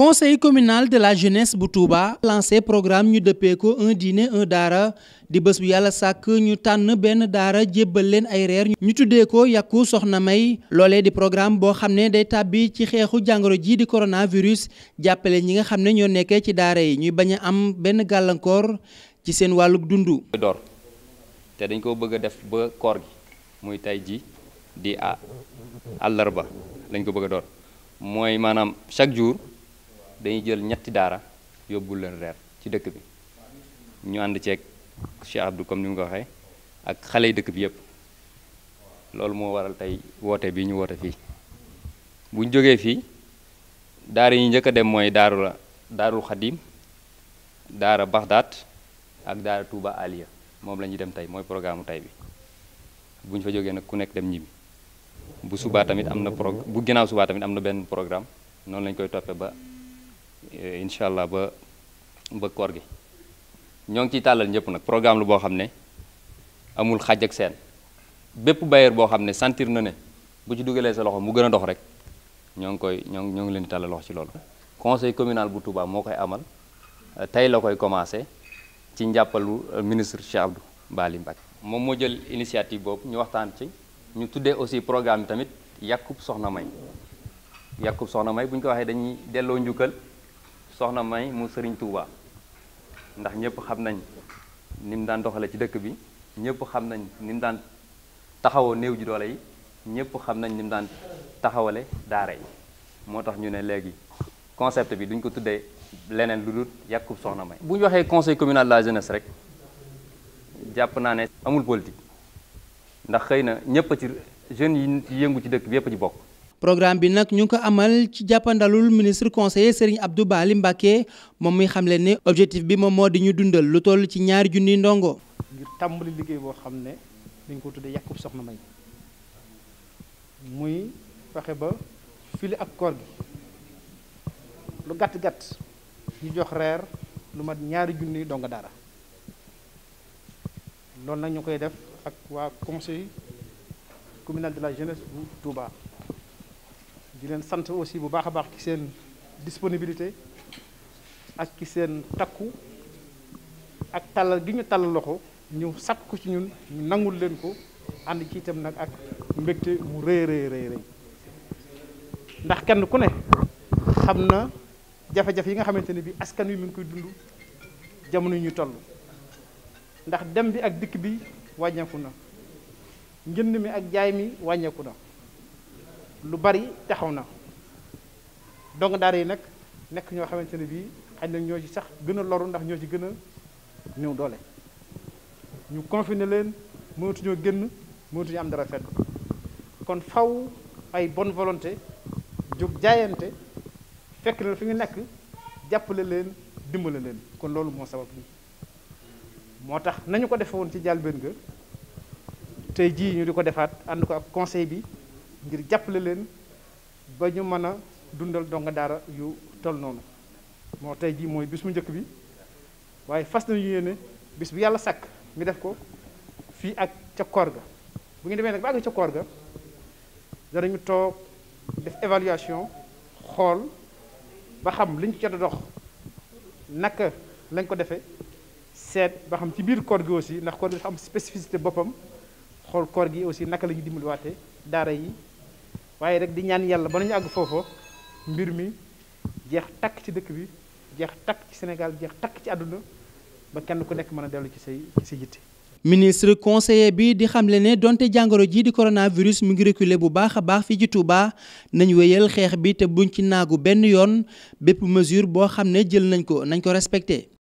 conseil communal de la jeunesse bu Touba lancé programme ñu dëppee ko un dîner daara di bés bu yàlla sàkk ñu tànn benn daara jébbal leen ay reer ñu tuddee ko yàkku soxna may loole di programme boo xam ne day tàbbi ci xeexu jàngoro jii di coronavirus jàppale ñi nga xam ne ñoo nekkee ci daara yi ñuy bañ a am benn gàllankoor ci seen wàllug dundu door te dañ ko bëgg a def ba koor gi muy tey ji di àllarba dañ ko bëgg a door mooy maanaam chaque jour. dañuy jël ñetti daara yóbbul leen reer ci dëkk bi ñu ànd ceeg Cheikh Abdou comme ni mu ko waxee ak xale yi dëkk bi yëpp loolu moo waral tey woote bi ñu woote fii bu ñu jógee fii daara yi njëkk a dem mooy daaru la daarul xadim daara baxdaat ak daara Touba Aliya moom la ñuy dem tey mooy programme tey bi buñ ñu fa jógee nag ku nekk dem ñibbi bu subaa tamit am na pro bu ginnaaw subaa tamit am na benn programme noonu lañ koy toppee ba Eh, incha allah ba ba koor gi ñoo ngi ciy tàllal ñëpp nag programme lu boo xam ne amul xaj ak seen bépp bailleur boo xam ne sentir na ne bu ci dugalee sa loxo mu gën a dox rek ñoo ngi koy ñoo ngi ngi leen di tàllal loxo ci loolu. conseil communal bu Touba moo koy amal eh, tey la koy commencé ci njàppalu eh, ministre Cheikh Abdou Bali moom moo jël initiative boobu ñu waxtaan ci ñu tuddee aussi programme tamit yàkkub soxna may yàkkub soxna may bu ñu ko waxee dañuy delloo njukkal. soxna may mu sëriñ Touba ndax ñëpp xam nañ ni mu daan doxale ci dëkk bi ñëpp xam nañ nim daan taxawoo néew ji doole ñëpp xam nañ ni daan taxawale daara yi moo tax ñu ne léegi concept bi duñ ko tuddee leneen lu dul yàkkub soxna may buñ ñu waxee conseil communal de la jeunesse rek jàpp naa ne amul politique ndax xëy na ñëpp ci jeunes yi yëngu ci dëkk bi yëpp a ci bokk programme bi nag ñu ngi ko amal ci jàppandalul ministre conseil Serigne Abdou Bali Mbacké moom muy xamle ni objectif bi moom moo di ñu dundal lu toll ci ñaari junniy ndongo. ngir tàmbali liggéey boo xam ne dañ ko tuddee yàqub soxna may muy fexe ba fili ak koor gi lu gàtt gàtt ñu jox reer lu mat ñaari junniy ndongo dara loolu nag ñu koy def ak waa conseil communal de la jeunesse bu Touba. di leen sant aussi bu baax a baax ci seen disponibilité ak ki seen takku ak tàllal gi ñu tàllal loxo ñu ko ci ñun ñu nangul leen ko ànd ci itam nag ak mbégte mu rëy rëy rëy rëy ndax kenn ku ne xam na jafe-jafe yi nga xamante ni bi askan wi mi ngi koy dund jamono yi ñu toll ndax dem bi ak dikk bi wàññeeku na njënd mi ak jaay mi wàññeeku na lu bari taxaw na dong daara yi nag nekk ñoo xamante ne bii xëy na ñoo ci sax gën a loru ndax ñoo ci gën a néew doole ñu confiné leen mënatuñoo génn mënatuñu am dara fekk kon faw ay bon volonté jóg jaayante fekk leen fi ñu nekk jàppale leen dimbale leen kon loolu moo sabab lii moo tax nañu ko defe woon ci jàlbeen ga tey jii ñu di ko defaat ànd ko ak conseil bi ngir jàppale leen ba ñu mën a dundal donga daara yu toll noonu moo tey jii mooy bis mu njëkk bi waaye fas nañu yéene bis bu yàlla sàkk ñu def ko fii ak ca koor ga bu ñu demee nag ba àgg ca koor ga danañu toog def évaluation xool ba xam liñ ci jot a dox naka lañ ko defee seet ba xam ci biir koor gi aussi ndax koor gi dafa am spécificité boppam xool koor gi aussi naka lañuy dimbaliwaate daara yi waaye rek di ñaan yàlla ba nañu àgg foofu mbir mi jeex takk ci dëkk bi jeex takk ci Sénégal jeex takk ci àdduna ba kenn ku nekk mën a dellu ci say ci sa yitte. ministre conseiller bi di xamle ne donte jàngoro jii di coronavirus mu ngi reculer bu baax a baax fii ci Touba nañ wéyal xeex bi te buñ ci naagu benn yoon bépp mesure boo xam ne jël nañ ko nañ ko respecté.